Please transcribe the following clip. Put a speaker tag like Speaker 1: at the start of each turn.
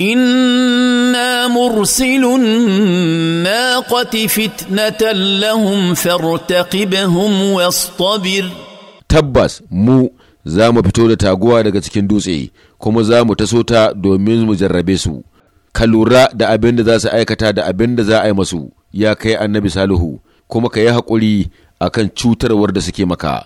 Speaker 1: انا مرسل الناقه فتنه لهم فارتقبهم واصطبر
Speaker 2: تبس مو za mu fito da taguwa daga cikin dutse kuma za mu taso ta domin mu jarrabe su ka lura da abin da za su aikata da abin da za a yi masu ya kai annabi salihu kuma ka yi haƙuri akan cutarwar da suke maka